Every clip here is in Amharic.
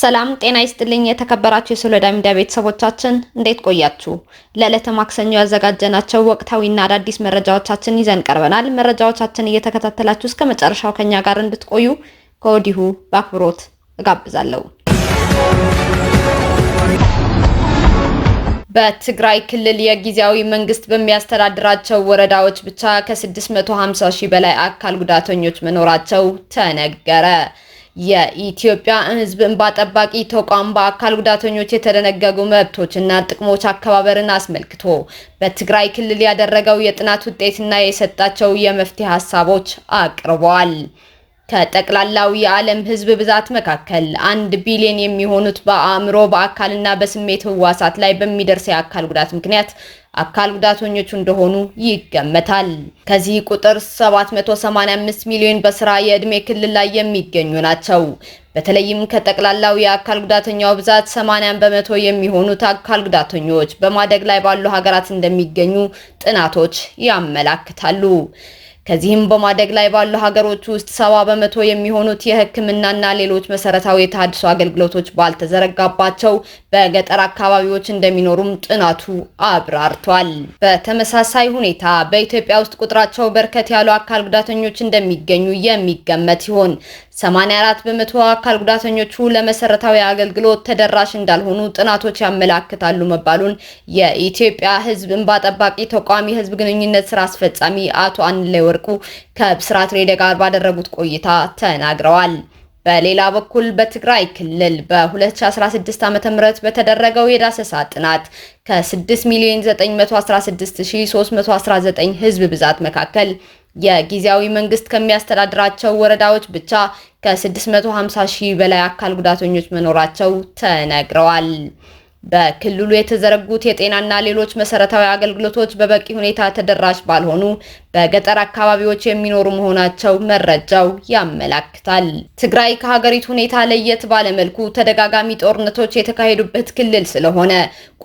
ሰላም ጤና ይስጥልኝ። የተከበራችሁ የሶሎዳ ሚዲያ ቤተሰቦቻችን እንዴት ቆያችሁ? ለዕለተ ማክሰኞ ያዘጋጀናቸው ወቅታዊና አዳዲስ መረጃዎቻችን ይዘን ቀርበናል። መረጃዎቻችን እየተከታተላችሁ እስከ መጨረሻው ከኛ ጋር እንድትቆዩ ከወዲሁ በአክብሮት እጋብዛለሁ። በትግራይ ክልል የጊዜያዊ መንግስት በሚያስተዳድራቸው ወረዳዎች ብቻ ከ650 ሺህ በላይ አካል ጉዳተኞች መኖራቸው ተነገረ። የኢትዮጵያ ሕዝብ እንባ ጠባቂ ተቋም በአካል ጉዳተኞች የተደነገጉ መብቶችና ጥቅሞች አከባበርን አስመልክቶ በትግራይ ክልል ያደረገው የጥናት ውጤትና የሰጣቸው የመፍትሄ ሀሳቦች አቅርበዋል። ከጠቅላላው የዓለም ሕዝብ ብዛት መካከል አንድ ቢሊዮን የሚሆኑት በአእምሮ በአካልና በስሜት ህዋሳት ላይ በሚደርስ የአካል ጉዳት ምክንያት አካል ጉዳተኞቹ እንደሆኑ ይገመታል። ከዚህ ቁጥር 785 ሚሊዮን በስራ የዕድሜ ክልል ላይ የሚገኙ ናቸው። በተለይም ከጠቅላላው የአካል ጉዳተኛው ብዛት 80 በመቶ የሚሆኑት አካል ጉዳተኞች በማደግ ላይ ባሉ ሀገራት እንደሚገኙ ጥናቶች ያመላክታሉ። ከዚህም በማደግ ላይ ባሉ ሀገሮች ውስጥ ሰባ በመቶ የሚሆኑት የሕክምናና ሌሎች መሰረታዊ የተሃድሶ አገልግሎቶች ባልተዘረጋባቸው በገጠር አካባቢዎች እንደሚኖሩም ጥናቱ አብራርቷል። በተመሳሳይ ሁኔታ በኢትዮጵያ ውስጥ ቁጥራቸው በርከት ያሉ አካል ጉዳተኞች እንደሚገኙ የሚገመት ሲሆን 84 በመቶ አካል ጉዳተኞቹ ለመሰረታዊ አገልግሎት ተደራሽ እንዳልሆኑ ጥናቶች ያመላክታሉ መባሉን የኢትዮጵያ ሕዝብ እንባ ጠባቂ ተቋም የሕዝብ ግንኙነት ስራ አስፈጻሚ አቶ አንላይ ወርቁ ከብስራት ሬደ ጋር ባደረጉት ቆይታ ተናግረዋል። በሌላ በኩል በትግራይ ክልል በ2016 ም በተደረገው የዳሰሳ ጥናት ከ6 ሚሊዮን 916,319 ህዝብ ብዛት መካከል የጊዜያዊ መንግስት ከሚያስተዳድራቸው ወረዳዎች ብቻ ከ650 ሺህ በላይ አካል ጉዳተኞች መኖራቸው ተነግረዋል። በክልሉ የተዘረጉት የጤናና ሌሎች መሰረታዊ አገልግሎቶች በበቂ ሁኔታ ተደራሽ ባልሆኑ በገጠር አካባቢዎች የሚኖሩ መሆናቸው መረጃው ያመላክታል። ትግራይ ከሀገሪቱ ሁኔታ ለየት ባለመልኩ ተደጋጋሚ ጦርነቶች የተካሄዱበት ክልል ስለሆነ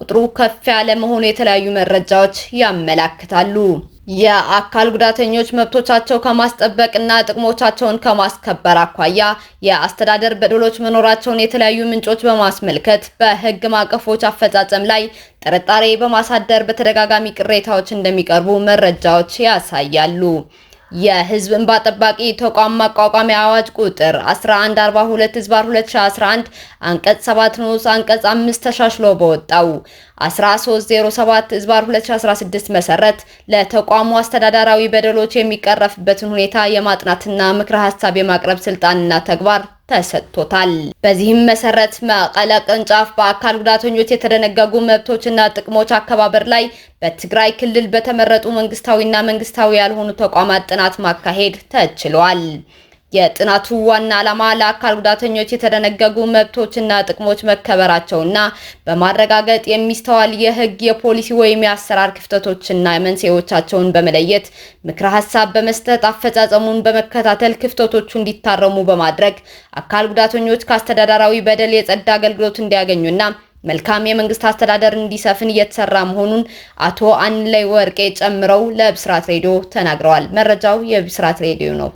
ቁጥሩ ከፍ ያለ መሆኑ የተለያዩ መረጃዎች ያመላክታሉ። የአካል ጉዳተኞች መብቶቻቸው ከማስጠበቅና ጥቅሞቻቸውን ከማስከበር አኳያ የአስተዳደር በደሎች መኖራቸውን የተለያዩ ምንጮች በማስመልከት በሕግ ማዕቀፎች አፈጻጸም ላይ ጥርጣሬ በማሳደር በተደጋጋሚ ቅሬታዎች እንደሚቀርቡ መረጃዎች ያሳያሉ። የህዝብ እንባ ጠባቂ ተቋም ማቋቋሚያ አዋጅ ቁጥር 1142 ህዝባር 2011 አንቀጽ 7 ንዑስ አንቀጽ 5 ተሻሽሎ በወጣው 1307 ህዝባር 2016 መሰረት ለተቋሙ አስተዳደራዊ በደሎች የሚቀረፍበትን ሁኔታ የማጥናትና ምክረ ሀሳብ የማቅረብ ስልጣንና ተግባር ተሰጥቶታል። በዚህም መሰረት መቀለ ቅርንጫፍ በአካል ጉዳተኞች የተደነገጉ መብቶችና ጥቅሞች አከባበር ላይ በትግራይ ክልል በተመረጡ መንግስታዊና መንግስታዊ ያልሆኑ ተቋማት ጥናት ማካሄድ ተችሏል። የጥናቱ ዋና ዓላማ ለአካል ጉዳተኞች የተደነገጉ መብቶችና ጥቅሞች መከበራቸውና በማረጋገጥ የሚስተዋል የህግ የፖሊሲ ወይም የአሰራር ክፍተቶችና መንስኤዎቻቸውን በመለየት ምክረ ሀሳብ በመስጠት አፈጻጸሙን በመከታተል ክፍተቶቹ እንዲታረሙ በማድረግ አካል ጉዳተኞች ከአስተዳደራዊ በደል የጸዳ አገልግሎት እንዲያገኙና መልካም የመንግስት አስተዳደር እንዲሰፍን እየተሰራ መሆኑን አቶ አንላይ ወርቄ ጨምረው ለብስራት ሬዲዮ ተናግረዋል። መረጃው የብስራት ሬዲዮ ነው።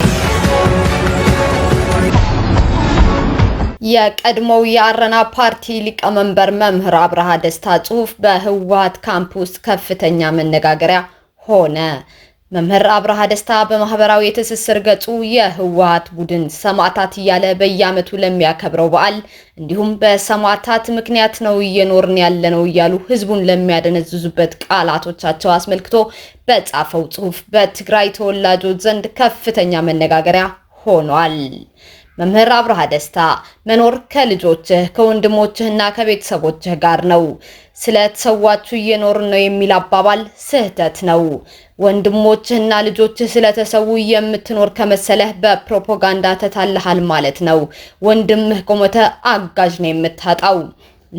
የቀድሞው የአረና ፓርቲ ሊቀመንበር መምህር አብርሃ ደስታ ጽሁፍ በህወሀት ካምፕ ውስጥ ከፍተኛ መነጋገሪያ ሆነ። መምህር አብርሃ ደስታ በማህበራዊ የትስስር ገጹ የህወሓት ቡድን ሰማዕታት እያለ በየዓመቱ ለሚያከብረው በዓል እንዲሁም በሰማዕታት ምክንያት ነው እየኖርን ያለነው እያሉ ህዝቡን ለሚያደነዝዙበት ቃላቶቻቸው አስመልክቶ በጻፈው ጽሁፍ በትግራይ ተወላጆች ዘንድ ከፍተኛ መነጋገሪያ ሆኗል። መምህር አብርሃ ደስታ መኖር ከልጆችህ ከወንድሞችህና ከቤተሰቦችህ ጋር ነው። ስለተሰዋችሁ እየኖር ነው የሚል አባባል ስህተት ነው። ወንድሞችህና ልጆችህ ስለተሰዉ የምትኖር ከመሰለህ በፕሮፓጋንዳ ተታልሃል ማለት ነው። ወንድምህ ቆመተ አጋዥ ነው የምታጣው።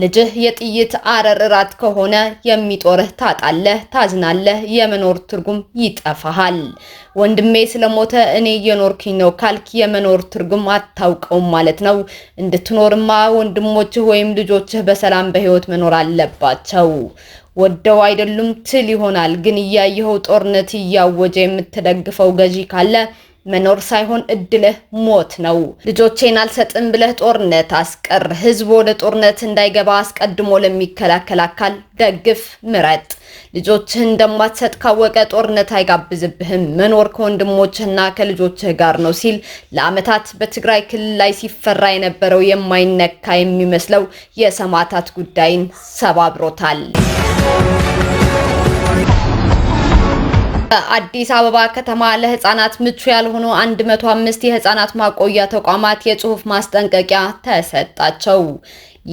ልጅህ የጥይት አረር እራት ከሆነ የሚጦርህ ታጣለህ፣ ታዝናለህ፣ የመኖር ትርጉም ይጠፋሃል። ወንድሜ ስለሞተ እኔ የኖርኩኝ ነው ካልክ የመኖር ትርጉም አታውቀውም ማለት ነው። እንድትኖርማ ወንድሞችህ ወይም ልጆችህ በሰላም በህይወት መኖር አለባቸው። ወደው አይደሉም ትል ይሆናል፣ ግን እያየኸው ጦርነት እያወጀ የምትደግፈው ገዢ ካለ መኖር ሳይሆን እድልህ ሞት ነው። ልጆቼን አልሰጥም ብለህ ጦርነት አስቀር። ህዝብ ወደ ጦርነት እንዳይገባ አስቀድሞ ለሚከላከል አካል ደግፍ፣ ምረጥ። ልጆችህ እንደማትሰጥ ካወቀ ጦርነት አይጋብዝብህም። መኖር ከወንድሞችህና ከልጆችህ ጋር ነው ሲል ለአመታት በትግራይ ክልል ላይ ሲፈራ የነበረው የማይነካ የሚመስለው የሰማዕታት ጉዳይን ሰባብሮታል። በአዲስ አበባ ከተማ ለህፃናት ምቹ ያልሆኑ 105 የህፃናት ማቆያ ተቋማት የጽሁፍ ማስጠንቀቂያ ተሰጣቸው።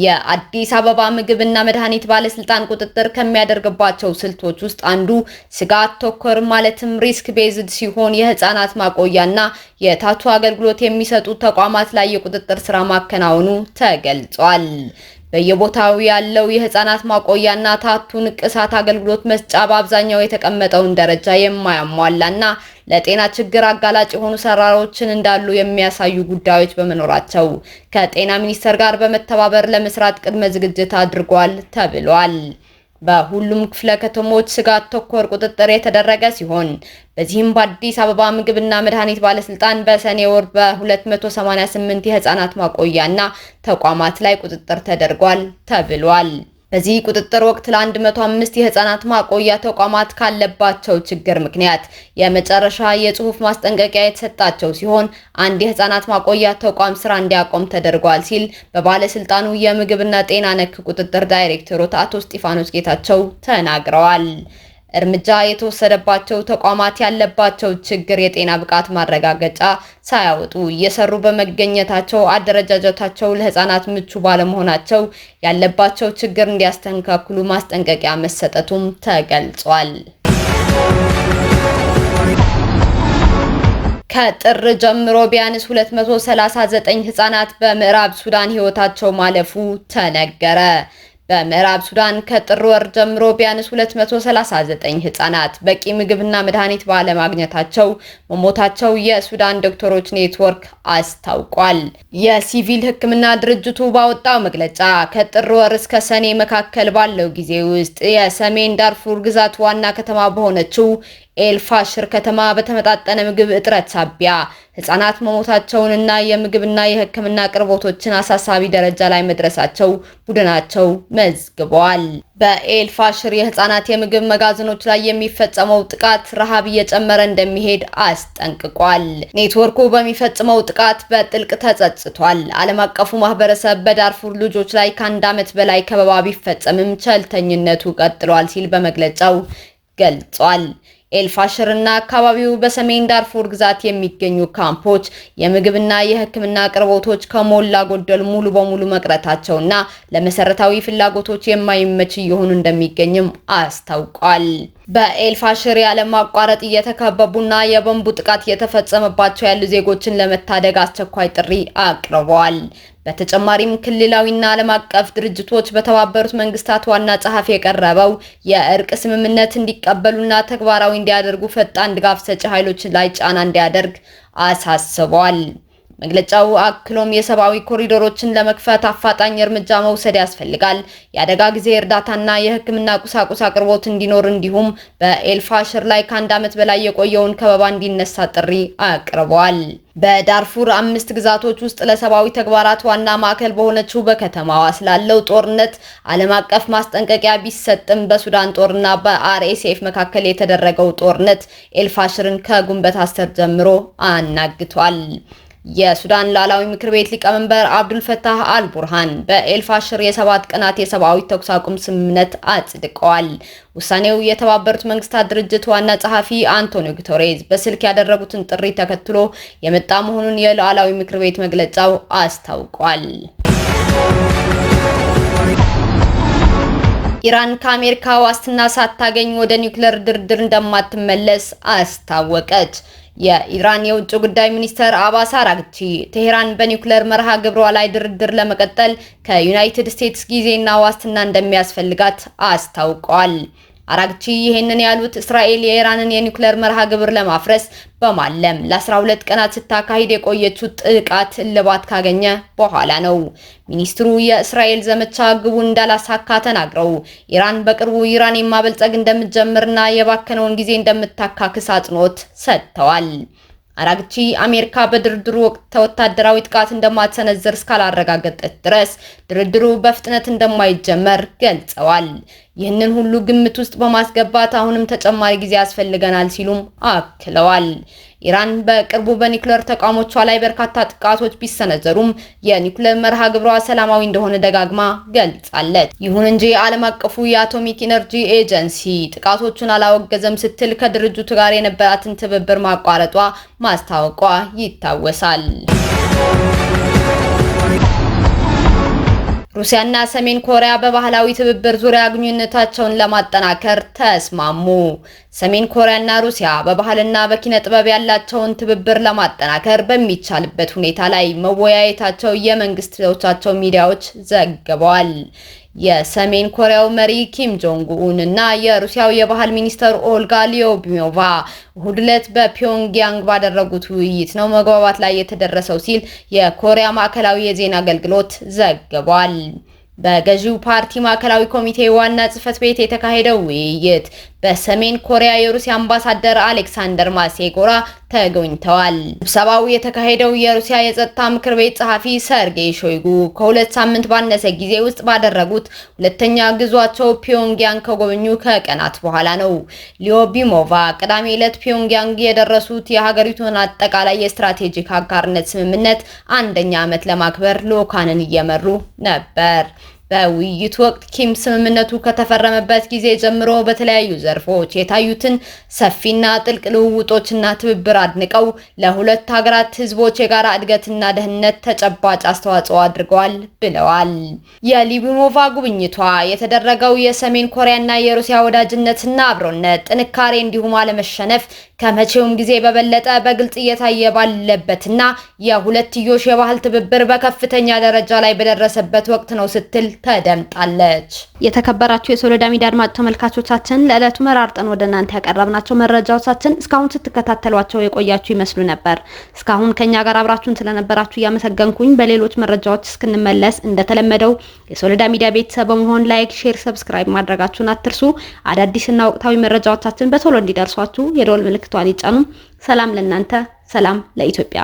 የአዲስ አበባ ምግብና መድኃኒት ባለስልጣን ቁጥጥር ከሚያደርግባቸው ስልቶች ውስጥ አንዱ ስጋት ተኮር ማለትም ሪስክ ቤዝድ ሲሆን የህፃናት ማቆያና የታቱ አገልግሎት የሚሰጡ ተቋማት ላይ የቁጥጥር ስራ ማከናወኑ ተገልጿል። በየቦታው ያለው የህፃናት ማቆያና ታቱን ቅሳት አገልግሎት መስጫ በአብዛኛው የተቀመጠውን ደረጃ የማያሟላና ለጤና ችግር አጋላጭ የሆኑ ሰራሮችን እንዳሉ የሚያሳዩ ጉዳዮች በመኖራቸው ከጤና ሚኒስቴር ጋር በመተባበር ለመስራት ቅድመ ዝግጅት አድርጓል ተብሏል። በሁሉም ክፍለ ከተሞች ስጋት ተኮር ቁጥጥር የተደረገ ሲሆን በዚህም በአዲስ አበባ ምግብና መድኃኒት ባለስልጣን በሰኔ ወር በ288 የህፃናት ማቆያና ተቋማት ላይ ቁጥጥር ተደርጓል ተብሏል። በዚህ ቁጥጥር ወቅት ለ105 የህፃናት ማቆያ ተቋማት ካለባቸው ችግር ምክንያት የመጨረሻ የጽሁፍ ማስጠንቀቂያ የተሰጣቸው ሲሆን አንድ የህፃናት ማቆያ ተቋም ስራ እንዲያቆም ተደርጓል ሲል በባለስልጣኑ የምግብና ጤና ነክ ቁጥጥር ዳይሬክተሮት አቶ እስጢፋኖስ ጌታቸው ተናግረዋል። እርምጃ የተወሰደባቸው ተቋማት ያለባቸው ችግር የጤና ብቃት ማረጋገጫ ሳያወጡ እየሰሩ በመገኘታቸው አደረጃጀታቸው ለህፃናት ምቹ ባለመሆናቸው ያለባቸው ችግር እንዲያስተንካክሉ ማስጠንቀቂያ መሰጠቱም ተገልጿል። ከጥር ጀምሮ ቢያንስ 239 ህጻናት በምዕራብ ሱዳን ህይወታቸው ማለፉ ተነገረ። በምዕራብ ሱዳን ከጥር ወር ጀምሮ ቢያንስ 239 ህጻናት በቂ ምግብና መድኃኒት ባለማግኘታቸው መሞታቸው የሱዳን ዶክተሮች ኔትወርክ አስታውቋል። የሲቪል ሕክምና ድርጅቱ ባወጣው መግለጫ ከጥር ወር እስከ ሰኔ መካከል ባለው ጊዜ ውስጥ የሰሜን ዳርፉር ግዛት ዋና ከተማ በሆነችው ኤልፋሽር ከተማ በተመጣጠነ ምግብ እጥረት ሳቢያ ህጻናት መሞታቸውንና የምግብና የሕክምና አቅርቦቶችን አሳሳቢ ደረጃ ላይ መድረሳቸው ቡድናቸው መዝግበዋል። በኤልፋሽር የህጻናት የምግብ መጋዘኖች ላይ የሚፈጸመው ጥቃት ረሃብ እየጨመረ እንደሚሄድ አስጠንቅቋል። ኔትወርኩ በሚፈጽመው ጥቃት በጥልቅ ተጸጽቷል። ዓለም አቀፉ ማህበረሰብ በዳርፉር ልጆች ላይ ከአንድ ዓመት በላይ ከበባ ቢፈጸምም ቸልተኝነቱ ቀጥሏል ሲል በመግለጫው ገልጿል። ኤልፋሽር እና አካባቢው በሰሜን ዳርፎር ግዛት የሚገኙ ካምፖች የምግብና የሕክምና አቅርቦቶች ከሞላ ጎደል ሙሉ በሙሉ መቅረታቸውና ለመሰረታዊ ፍላጎቶች የማይመች እየሆኑ እንደሚገኝም አስታውቋል። በኤልፋሽር ያለማቋረጥ እየተከበቡና የቦምቡ ጥቃት እየተፈጸመባቸው ያሉ ዜጎችን ለመታደግ አስቸኳይ ጥሪ አቅርበዋል። በተጨማሪም ክልላዊና ዓለም አቀፍ ድርጅቶች በተባበሩት መንግስታት ዋና ጸሐፊ የቀረበው የእርቅ ስምምነት እንዲቀበሉና ተግባራዊ እንዲያደርጉ ፈጣን ድጋፍ ሰጪ ኃይሎች ላይ ጫና እንዲያደርግ አሳስቧል። መግለጫው አክሎም የሰብአዊ ኮሪዶሮችን ለመክፈት አፋጣኝ እርምጃ መውሰድ ያስፈልጋል፣ የአደጋ ጊዜ እርዳታና የሕክምና ቁሳቁስ አቅርቦት እንዲኖር እንዲሁም በኤልፋሽር ላይ ከአንድ ዓመት በላይ የቆየውን ከበባ እንዲነሳ ጥሪ አቅርበዋል። በዳርፉር አምስት ግዛቶች ውስጥ ለሰብአዊ ተግባራት ዋና ማዕከል በሆነችው በከተማዋ ስላለው ጦርነት ዓለም አቀፍ ማስጠንቀቂያ ቢሰጥም በሱዳን ጦርና በአርኤስኤፍ መካከል የተደረገው ጦርነት ኤልፋሽርን ከጉንበት አስር ጀምሮ አናግቷል። የሱዳን ላላዊ ምክር ቤት ሊቀመንበር አብዱልፈታህ አልቡርሃን በኤልፋሽር የሰባት ቀናት የሰብአዊ ተኩስ አቁም ስምምነት አጽድቀዋል። ውሳኔው የተባበሩት መንግስታት ድርጅት ዋና ጸሐፊ አንቶኒዮ ጉተሬዝ በስልክ ያደረጉትን ጥሪ ተከትሎ የመጣ መሆኑን የላላዊ ምክር ቤት መግለጫው አስታውቋል። ኢራን ከአሜሪካ ዋስትና ሳታገኝ ወደ ኒውክሌር ድርድር እንደማትመለስ አስታወቀች። የኢራን የውጭ ጉዳይ ሚኒስተር አባስ አራግቺ ቴሄራን በኒውክሌር መርሃ ግብሯ ላይ ድርድር ለመቀጠል ከዩናይትድ ስቴትስ ጊዜና ዋስትና እንደሚያስፈልጋት አስታውቀዋል። አራግቺ ይህንን ያሉት እስራኤል የኢራንን የኒውክሌር መርሃ ግብር ለማፍረስ በማለም ለ12 ቀናት ስታካሂድ የቆየችው ጥቃት እልባት ካገኘ በኋላ ነው። ሚኒስትሩ የእስራኤል ዘመቻ ግቡ እንዳላሳካ ተናግረው ኢራን በቅርቡ ዩራኒየም ማበልጸግ እንደምትጀምርና የባከነውን ጊዜ እንደምታካክስ አጽንኦት ሰጥተዋል። አራግቺ አሜሪካ በድርድሩ ወቅት ተወታደራዊ ጥቃት እንደማትሰነዝር እስካላረጋገጠች ድረስ ድርድሩ በፍጥነት እንደማይጀመር ገልጸዋል። ይህንን ሁሉ ግምት ውስጥ በማስገባት አሁንም ተጨማሪ ጊዜ ያስፈልገናል ሲሉም አክለዋል። ኢራን በቅርቡ በኒውክሌር ተቋሞቿ ላይ በርካታ ጥቃቶች ቢሰነዘሩም የኒውክሌር መርሃ ግብሯ ሰላማዊ እንደሆነ ደጋግማ ገልጻለች። ይሁን እንጂ ዓለም አቀፉ የአቶሚክ ኢነርጂ ኤጀንሲ ጥቃቶቹን አላወገዘም ስትል ከድርጅቱ ጋር የነበራትን ትብብር ማቋረጧ ማስታወቋ ይታወሳል። ሩሲያና ሰሜን ኮሪያ በባህላዊ ትብብር ዙሪያ ግንኙነታቸውን ለማጠናከር ተስማሙ። ሰሜን ኮሪያና ሩሲያ በባህልና በኪነ ጥበብ ያላቸውን ትብብር ለማጠናከር በሚቻልበት ሁኔታ ላይ መወያየታቸው የመንግስቶቻቸው ሚዲያዎች ዘግበዋል። የሰሜን ኮሪያው መሪ ኪም ጆንግ ኡን እና የሩሲያው የባህል ሚኒስተር ኦልጋ ሊዮቢዮቫ እሁድ ዕለት በፒዮንግያንግ ባደረጉት ውይይት ነው መግባባት ላይ የተደረሰው ሲል የኮሪያ ማዕከላዊ የዜና አገልግሎት ዘግቧል። በገዢው ፓርቲ ማዕከላዊ ኮሚቴ ዋና ጽህፈት ቤት የተካሄደው ውይይት በሰሜን ኮሪያ የሩሲያ አምባሳደር አሌክሳንደር ማሴጎራ ተገኝተዋል። ስብሰባው የተካሄደው የሩሲያ የጸጥታ ምክር ቤት ጸሐፊ ሰርጌይ ሾይጉ ከሁለት ሳምንት ባነሰ ጊዜ ውስጥ ባደረጉት ሁለተኛ ግዟቸው ፒዮንግያንግ ከጎበኙ ከቀናት በኋላ ነው። ሊዮቢሞቫ ቅዳሜ ዕለት ፒዮንግያንግ የደረሱት የሀገሪቱን አጠቃላይ የስትራቴጂክ አጋርነት ስምምነት አንደኛ ዓመት ለማክበር ልዑካንን እየመሩ ነበር። በውይይቱ ወቅት ኪም ስምምነቱ ከተፈረመበት ጊዜ ጀምሮ በተለያዩ ዘርፎች የታዩትን ሰፊና ጥልቅ ልውውጦችና ትብብር አድንቀው ለሁለት ሀገራት ህዝቦች የጋራ እድገትና ደህንነት ተጨባጭ አስተዋጽኦ አድርገዋል ብለዋል። የሊቢሞቫ ጉብኝቷ የተደረገው የሰሜን ኮሪያና የሩሲያ ወዳጅነትና አብሮነት ጥንካሬ እንዲሁም አለመሸነፍ ከመቼውም ጊዜ በበለጠ በግልጽ እየታየ ባለበትና የሁለትዮሽ የባህል ትብብር በከፍተኛ ደረጃ ላይ በደረሰበት ወቅት ነው ስትል ተደምጣለች። የተከበራችሁ የሶሎዳ ሚዲያ አድማጭ ተመልካቾቻችን ለዕለቱ መራርጠን ወደ እናንተ ያቀረብናቸው መረጃዎቻችን እስካሁን ስትከታተሏቸው የቆያችሁ ይመስሉ ነበር። እስካሁን ከኛ ጋር አብራችሁን ስለነበራችሁ እያመሰገንኩኝ በሌሎች መረጃዎች እስክንመለስ እንደተለመደው የሶሎዳ ሚዲያ ቤተሰብ በመሆን ላይክ፣ ሼር፣ ሰብስክራይብ ማድረጋችሁን አትርሱ። አዳዲስና ወቅታዊ መረጃዎቻችን በቶሎ እንዲደርሷችሁ የደወል ምልክቷን ይጫኑ። ሰላም ለእናንተ፣ ሰላም ለኢትዮጵያ።